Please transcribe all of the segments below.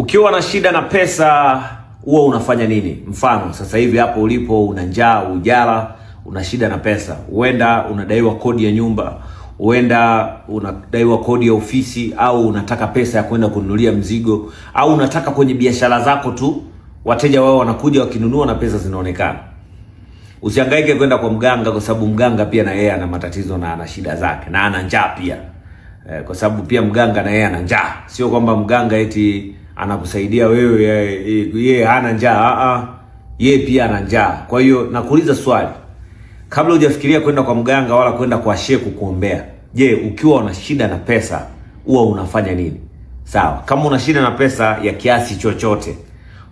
Ukiwa na shida na pesa huwa unafanya nini? Mfano sasa hivi hapo ulipo, una njaa, ujala, una shida na pesa, huenda unadaiwa kodi ya nyumba, huenda unadaiwa kodi ya ofisi, au unataka pesa ya kwenda kununulia mzigo, au unataka kwenye biashara zako tu wateja wao wanakuja wakinunua na pesa zinaonekana. Usihangaike kwenda kwa mganga, kwa sababu mganga pia na yeye ana matatizo na ana shida zake na ana njaa pia, eh, kwa sababu pia mganga na yeye ana njaa. Sio kwamba mganga eti anakusaidia wewe, yeye eh, eh, eh, hana njaa, a, ah, ah. yeye pia ana njaa. Kwa hiyo nakuuliza swali, kabla hujafikiria kwenda kwa mganga wala kwenda kwa sheku kuombea, je, ukiwa una shida na pesa huwa unafanya nini? Sawa, kama una shida na pesa ya kiasi chochote,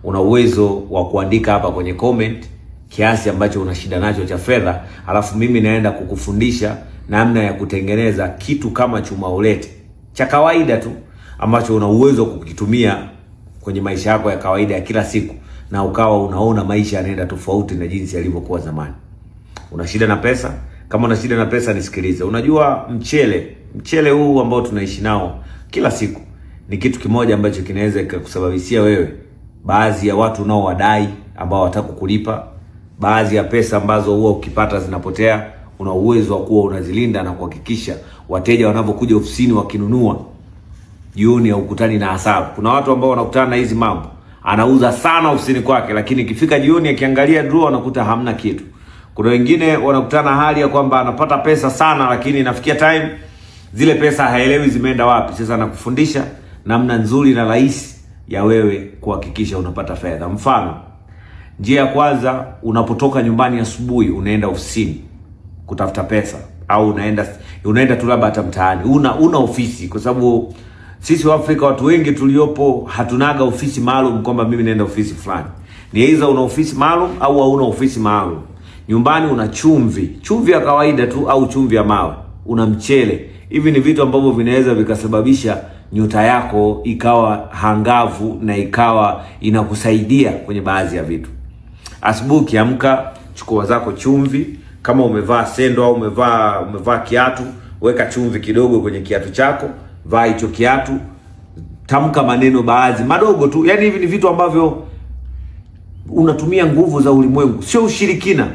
una uwezo wa kuandika hapa kwenye comment kiasi ambacho una shida nacho cha fedha, alafu mimi naenda kukufundisha namna ya kutengeneza kitu kama chuma ulete cha kawaida tu ambacho una uwezo wa kukitumia kwenye maisha yako ya kawaida ya kila siku, na ukawa unaona maisha yanaenda tofauti na jinsi yalivyokuwa zamani. Una shida na pesa? Kama una shida na pesa, nisikilize. Unajua mchele, mchele huu ambao tunaishi nao kila siku ni kitu kimoja ambacho kinaweza kikakusababishia wewe baadhi ya watu nao wadai ambao hawataka kulipa, baadhi ya pesa ambazo huwa ukipata zinapotea. Una uwezo wa kuwa unazilinda na kuhakikisha wateja wanavyokuja ofisini wakinunua jioni haukutani na hasara. Kuna watu ambao wanakutana na hizi mambo, anauza sana ofisini kwake, lakini ikifika jioni akiangalia draw anakuta hamna kitu. Kuna wengine wanakutana hali ya kwamba anapata pesa sana, lakini inafikia time zile pesa haelewi zimeenda wapi. Sasa nakufundisha namna nzuri na rahisi ya wewe kuhakikisha unapata fedha. Mfano, njia ya kwanza, unapotoka nyumbani asubuhi unaenda ofisini kutafuta pesa, au unaenda unaenda tu labda hata mtaani, una una ofisi kwa sababu sisi Waafrika watu wengi tuliopo hatunaga ofisi maalum kwamba mimi naenda ofisi fulani. Ni aidha una ofisi maalum au hauna ofisi maalum. Nyumbani una chumvi, chumvi ya kawaida tu au chumvi ya mawe, una mchele. Hivi ni vitu ambavyo vinaweza vikasababisha nyota yako ikawa hangavu na ikawa inakusaidia kwenye baadhi ya vitu. Asubuhi ukiamka, chukua zako chumvi, kama umevaa sendo au umevaa umevaa kiatu, weka chumvi kidogo kwenye kiatu chako vaa hicho kiatu, tamka maneno baadhi madogo tu. Yani hivi ni vitu ambavyo unatumia nguvu za ulimwengu, sio ushirikina.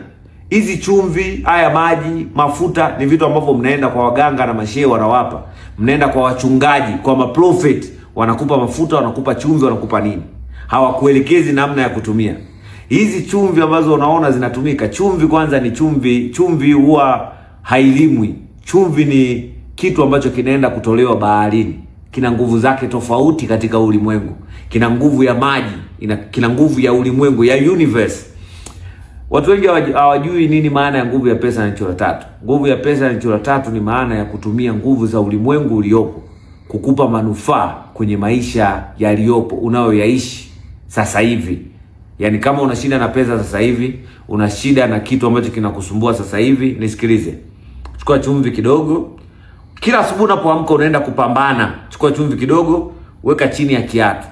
Hizi chumvi, haya maji, mafuta ni vitu ambavyo mnaenda kwa waganga na mashehe wanawapa, mnaenda kwa wachungaji, kwa maprofet, wanakupa mafuta, wanakupa chumvi, wanakupa nini, hawakuelekezi namna ya kutumia hizi chumvi ambazo unaona zinatumika. Chumvi kwanza ni chumvi, chumvi huwa hailimwi. Chumvi ni kitu ambacho kinaenda kutolewa baharini kina nguvu zake tofauti katika ulimwengu, kina nguvu ya maji ina, kina nguvu ya ulimwengu ya universe. Watu wengi hawajui nini maana ya nguvu ya pesa na chura tatu. Nguvu ya pesa na chura tatu ni maana ya kutumia nguvu za ulimwengu uliopo kukupa manufaa kwenye maisha yaliyopo unayoyaishi sasa hivi. Yaani, kama una shida na pesa sasa hivi, una shida na kitu ambacho kinakusumbua sasa hivi, nisikilize, chukua chumvi kidogo kila asubuhi unapoamka unaenda kupambana, chukua chumvi kidogo, weka chini ya kiatu,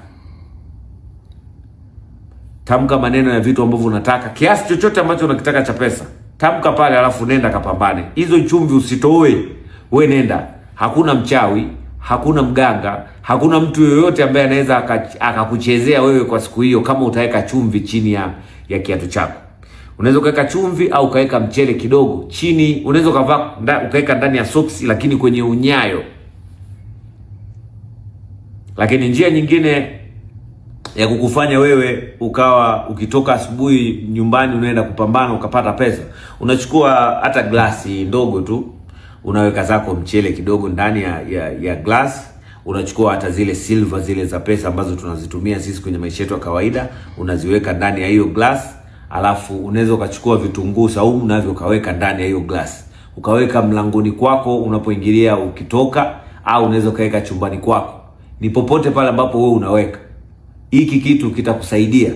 tamka maneno ya vitu ambavyo unataka, kiasi chochote ambacho unakitaka cha pesa, tamka pale, alafu nenda kapambane. Hizo chumvi usitoe we, nenda. Hakuna mchawi, hakuna mganga, hakuna mtu yoyote ambaye anaweza akakuchezea wewe kwa siku hiyo, kama utaweka chumvi chini ya, ya kiatu chako. Unaweza ukaweka chumvi au ukaweka mchele kidogo chini, unaweza ukavaa ukaweka ndani ya soksi, lakini kwenye unyayo. Lakini njia nyingine ya kukufanya wewe ukawa ukitoka asubuhi nyumbani unaenda kupambana ukapata pesa, unachukua hata glasi ndogo tu, unaweka zako mchele kidogo ndani ya, ya, ya glasi unachukua hata zile silver zile za pesa ambazo tunazitumia sisi kwenye maisha yetu ya kawaida, unaziweka ndani ya hiyo glass, alafu unaweza ukachukua vitunguu saumu navyo ukaweka ndani ya hiyo glasi, ukaweka mlangoni kwako unapoingilia ukitoka, au unaweza ukaweka chumbani kwako, ni popote pale ambapo wewe unaweka hiki kitu kitakusaidia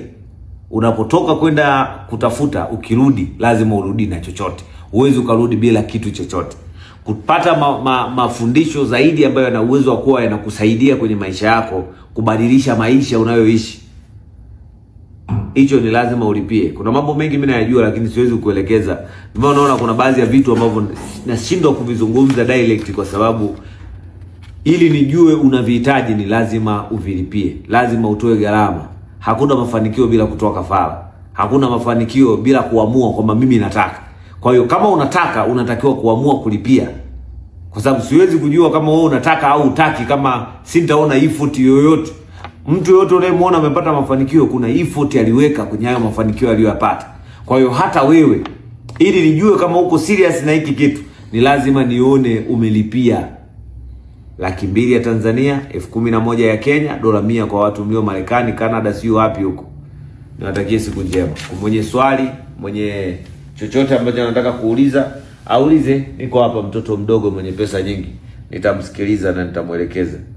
unapotoka kwenda kutafuta, ukirudi lazima urudi na chochote. Huwezi ukarudi bila kitu chochote. Kupata ma, ma, mafundisho zaidi ambayo yana uwezo wa kuwa yanakusaidia kwenye maisha yako, kubadilisha maisha unayoishi hicho ni lazima ulipie. Kuna mambo mengi mimi nayajua, lakini siwezi kukuelekeza. Ndio unaona kuna baadhi ya vitu ambavyo nashindwa kuvizungumza direct, kwa sababu ili nijue unavihitaji ni lazima uvilipie, lazima utoe gharama. Hakuna mafanikio bila kutoa kafara, hakuna mafanikio bila kuamua kwamba mimi nataka. Kwa hiyo kama unataka, unatakiwa kuamua kulipia, kwa sababu siwezi kujua kama wewe unataka au utaki, kama sintaona ifuti yoyote Mtu yoyote unayemwona amepata mafanikio, kuna effort aliweka kwenye hayo mafanikio aliyoyapata. Kwa hiyo hata wewe, ili nijue kama uko serious na hiki kitu, ni lazima nione umelipia laki mbili ya Tanzania, elfu kumi na moja ya Kenya, dola mia kwa watu mlio Marekani, Canada, sio wapi huko. Niwatakie siku njema. Mwenye swali, mwenye chochote ambacho anataka kuuliza aulize. Niko hapa, mtoto mdogo mwenye pesa nyingi, nitamsikiliza na nitamwelekeza.